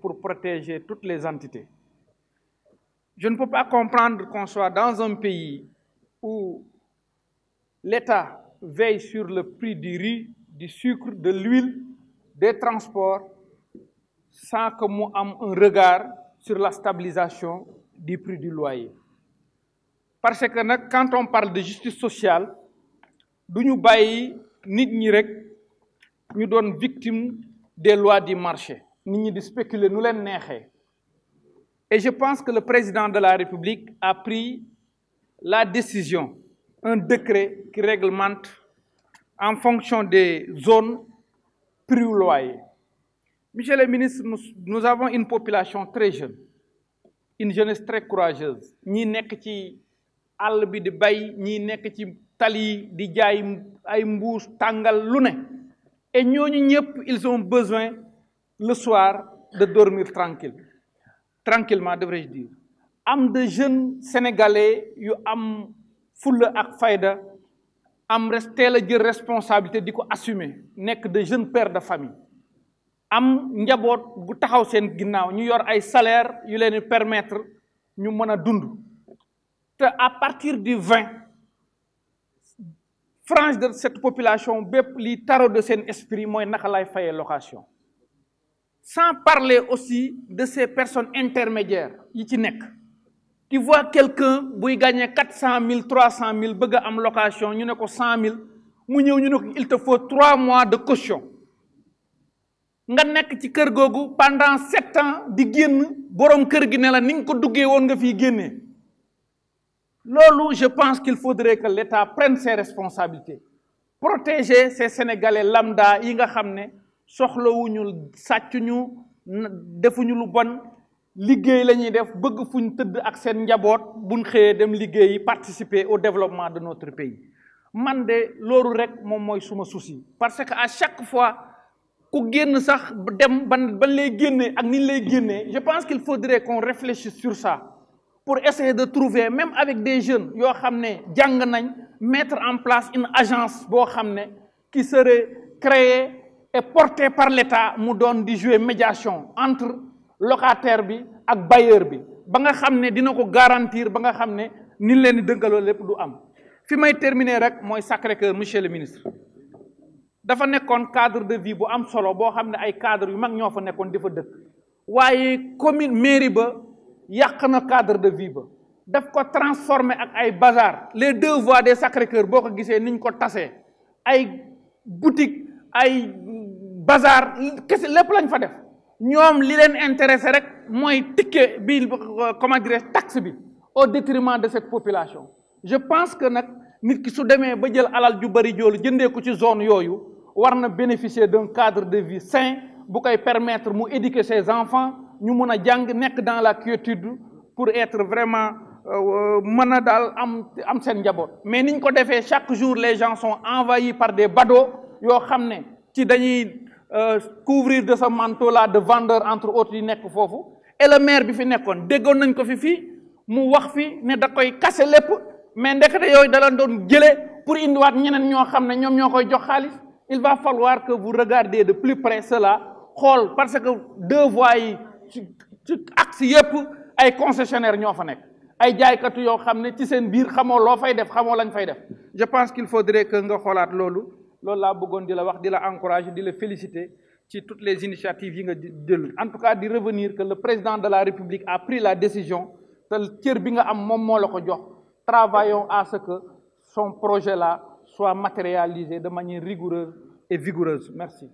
pour protéger toutes les entités je ne peux pas comprendre qu'on soit dans un pays où l'État veille sur le prix du riz du sucre de l'huile des transports sans que nous un regard sur la stabilisation du prix du loyer parce que quand on parle de justice sociale nous ñu nit ñi rek victime des lois du marché nous ñi di spéculer nu et je pense que le président de la République a pris la décision un décret qui réglemente en fonction des zones plus ou monsieur le ministre nous, avons une population très jeune une jeunesse très courageuse ñi nekk àll bi di bay ñii nekk ci tali di jaay ay mbuus tàngal lu ne et ñooñu ñëpp ils ont besoin le soir de dormir tranquille tranquillement devrais-je dire am de jeunes sénégalais yu am full ak fayda am teel a jël responsabilité di ko assumer nekk de jeunes pères de famille am njaboot gu taxaw seen ginnaaw ñu yor ay salaire yu leen permettre ñu mën a à partir du 20%, frange de cette population les li de sen esprit moy fait une location sans parler aussi de ces personnes intermédiaires yi ci nek qui vois quelqu'un 400 000, 300 000, am location ñu 100 000, il te faut 3 mois de caution nga nek ci kër pendant 7 ans di borom kër la ko duggé won loolu je pense qu'il faudrait que l'État prenne ses responsabilités protéger ces sénégalais lambda yi nga xam ne soxlawuñu sàccuñu defuñu lu bon liggéey lañuy de def bëgg fuñ teud ak seen njaboot buñ xëyee dem liggéeyi participer au développement de notre pays man de loolu rek mom moy suma souci parce que à chaque fois ku génn sax dem ban ban lay génné ak ni lay génné je pense qu'il faudrait qu'on réfléchisse sur ça pour essayer de trouver même avec des jeunes yo xam mettre en place une agence bo qui serait créée et portée par l'État mu donne des jouer médiation entre locataire et ak bailleur bi ba nga garantir ba nga ne ni leen di du am fi may terminer rek moy Sacré-Cœur monsieur le ministre dafa un cadre de vie bu am solo bo ay cadre yu mag ñoo fa nekkoon dëkk commune mairie a na cadre de vie ba daf ko transformé ak ay bazar les deux voies des Sacré-Cœur boko ko niñ ko tasee ay boutique ay bazar kese lepp lañ fa def ñom li leen intéresser rek moy ticket bi comment dire taxe bi au détriment de cette population je pense que nak nit ki su démé ba jël alal ju bari joolu jëndé ko ci zone yoyu warna bénéficier d'un cadre de vie sain bu koy permettre mu éduquer ses enfants nous mun jang dans la quiétude pour être vraiment euh, euh, manadal am am mais niñ ko défé chaque jour les gens sont envahis par des badauds yo xamné ci dañuy euh, couvrir de ce manteau là de vendeur entre autres yi nek fofu. et le maire bi fi nekkoon déggoon nañ ko fi fi mu wax fi né da koy casser lépp mais ndekete yooyu da leen doon pour indiwaat ñeneen ñoo xam ne ñoom jox il va falloir que vous regardiez de plus près cela parce que deux voies ci ci axe yëpp ay concessionnaires ñoo fa nekk ay jaaykatu yoo xam ne ci seen biir xamoo loo fay def xamoo lañ fay def je pense qu'il faudrait que nga xoolaat loolu loolu laa bëggoon di la wax di la encourager di la féliciter ci toutes les initiatives yi nga jël en tout cas di revenir que le président de la République a pris la décision te cër bi nga am moom moo la ko jox travaillons à ce que son projet là soit matérialisé de manière rigoureuse et vigoureuse merci